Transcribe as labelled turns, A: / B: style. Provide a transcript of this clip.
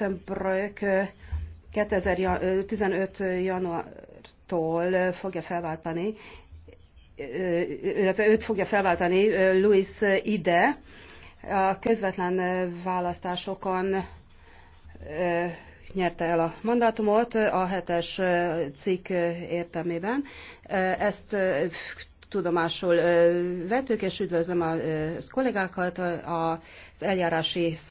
A: Miltenbrück 2015. januártól fogja felváltani, illetve őt fogja felváltani Louis Ide. A közvetlen választásokon nyerte el a mandátumot a hetes cikk értelmében. Ezt tudomásul vettük, és üdvözlöm a kollégákat az eljárási